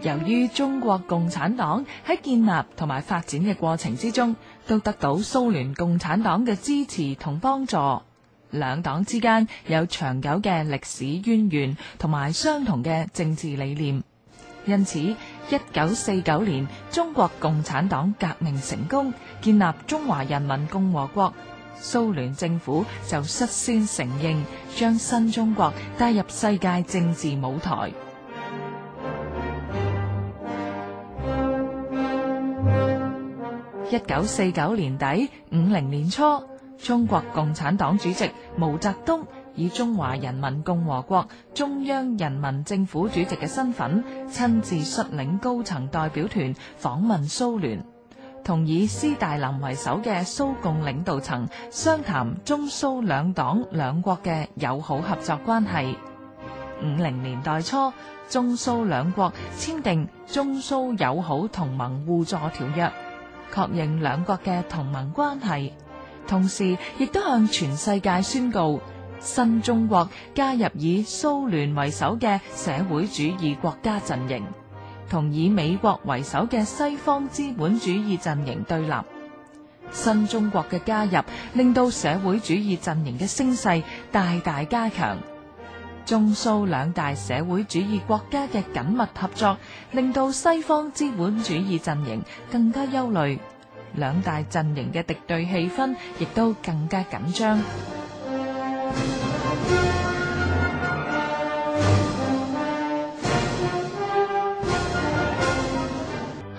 。由於中國共產黨喺建立同埋發展嘅過程之中，都得到蘇聯共產黨嘅支持同幫助。兩黨之間有長久嘅歷史淵源，同埋相同嘅政治理念，因此一九四九年中國共產黨革命成功，建立中華人民共和國，蘇聯政府就率先承認，將新中國帶入世界政治舞台。一九四九年底，五零年初，中國共產黨主席毛澤東以中華人民共和國中央人民政府主席嘅身份，親自率領高層代表團訪問蘇聯，同以斯大林為首嘅蘇共領導層商談中蘇兩黨兩國嘅友好合作關係。五零年代初，中蘇兩國簽訂《中蘇友好同盟互助條約》。確認兩國嘅同盟關係，同時亦都向全世界宣告，新中國加入以蘇聯為首嘅社會主義國家陣營，同以美國為首嘅西方資本主義陣營對立。新中國嘅加入，令到社會主義陣營嘅聲勢大大加強。中蘇兩大社會主義國家嘅緊密合作，令到西方資本主義陣營更加憂慮，兩大陣營嘅敵對氣氛亦都更加緊張。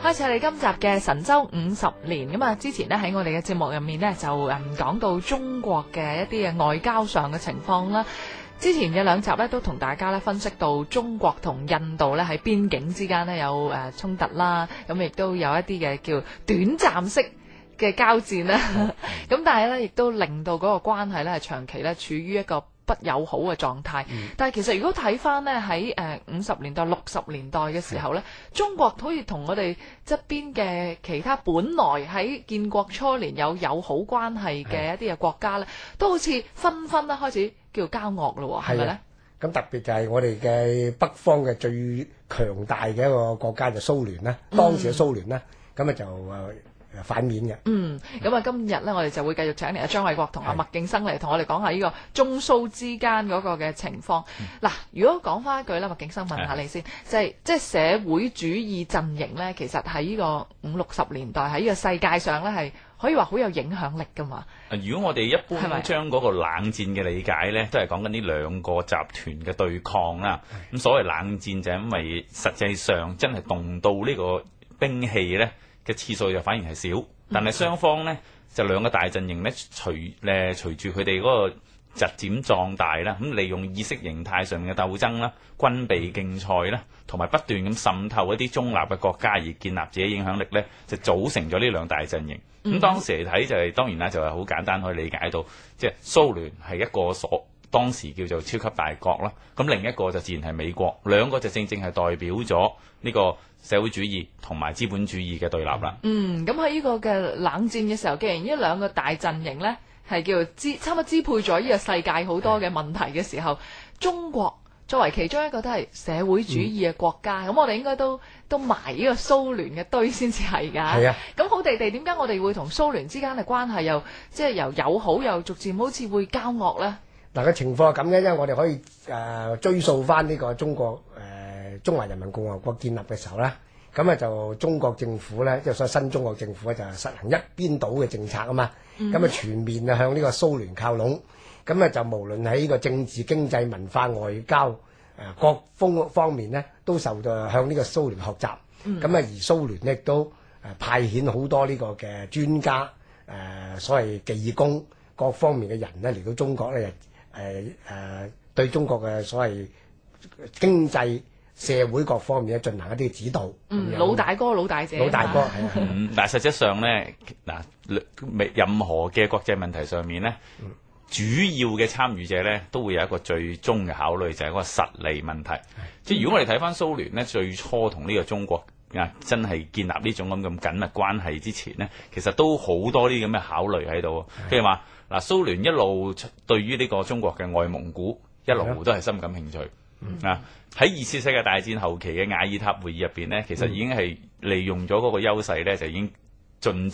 開始我哋今集嘅神州五十年咁啊！之前呢喺我哋嘅節目入面呢，就誒講到中國嘅一啲嘅外交上嘅情況啦。之前嘅兩集咧，都同大家咧分析到中國同印度咧喺邊境之間咧有誒衝突啦，咁亦都有一啲嘅叫短暫式嘅交戰啦。咁、嗯、但係咧，亦都令到嗰個關係咧係長期咧處於一個不友好嘅狀態。嗯、但係其實如果睇翻咧喺誒五十年代六十年代嘅時候咧，嗯、中國好似同我哋側邊嘅其他本來喺建國初年有友好關係嘅一啲嘅國家咧，都好似紛紛咧開始。叫做交惡咯喎，係咪咧？咁特別就係我哋嘅北方嘅最強大嘅一個國家就蘇聯啦，當時嘅蘇聯啦，咁咪就誒反面嘅。嗯，咁啊，今日咧我哋就會繼續請嚟阿張衛國同阿麥景生嚟同我哋講下呢個中蘇之間嗰個嘅情況。嗱，如果講返一句啦，麥景生問下你先，就係即係社會主義陣營咧，其實喺呢個五六十年代喺呢個世界上咧係。可以話好有影響力㗎嘛？如果我哋一般將嗰個冷戰嘅理解呢，就是、都係講緊呢兩個集團嘅對抗啦。咁是所謂冷戰就係因為實際上真係動到呢個兵器呢嘅次數就反而係少，但係雙方呢，是就兩個大陣營呢，隨誒隨住佢哋嗰個。逐漸壯大啦，咁利用意識形態上嘅鬥爭啦、軍備競賽啦，同埋不斷咁滲透一啲中立嘅國家而建立自己影響力呢，就組成咗呢兩大陣營。咁、嗯、當時嚟睇就係當然啦，就係好簡單可以理解到，即係蘇聯係一個所當時叫做超級大國啦。咁另一個就自然係美國，兩個就正正係代表咗呢個社會主義同埋資本主義嘅對立啦。嗯，咁喺呢個嘅冷戰嘅時候，既然呢兩個大陣營呢係叫支差唔多支配咗呢個世界好多嘅問題嘅時候，的中國作為其中一個都係社會主義嘅國家，咁、嗯、我哋應該都都埋呢個蘇聯嘅堆先至係㗎。係啊的，咁好地地點解我哋會同蘇聯之間嘅關係又即係、就是、由友好又逐漸好似會交惡咧？嗱，個情況係咁嘅，因為我哋可以誒、呃、追溯返呢個中國、呃、中華人民共和國建立嘅時候咧。咁啊就中國政府咧，即係所謂新中國政府咧，就實行一邊倒嘅政策啊嘛。咁啊全面啊向呢個蘇聯靠攏。咁啊就無論喺呢個政治、經濟、文化、外交誒、啊、各方方面咧，都受到向呢個蘇聯學習。咁啊而蘇聯亦都誒派遣好多呢個嘅專家誒、啊、所謂技工各方面嘅人咧嚟到中國咧誒誒對中國嘅所謂經濟。社會各方面進行一啲指導，嗯、老大哥、嗯、老大姐，老大哥。啊的嗯、但實際上呢，嗱，未任何嘅國際問題上面呢，嗯、主要嘅參與者呢，都會有一個最終嘅考慮，就係、是、嗰個實力問題。是的即係如果我哋睇翻蘇聯呢，的最初同呢個中國啊，真係建立呢種咁咁緊密關係之前呢，其實都好多啲咁嘅考慮喺度。的譬如話，嗱，蘇聯一路對於呢個中國嘅外蒙古一路都係深感興趣。嗱，喺、mm hmm. 二次世界大戰後期嘅雅爾塔會議入邊咧，其實已經係利用咗個優勢咧，就已經進。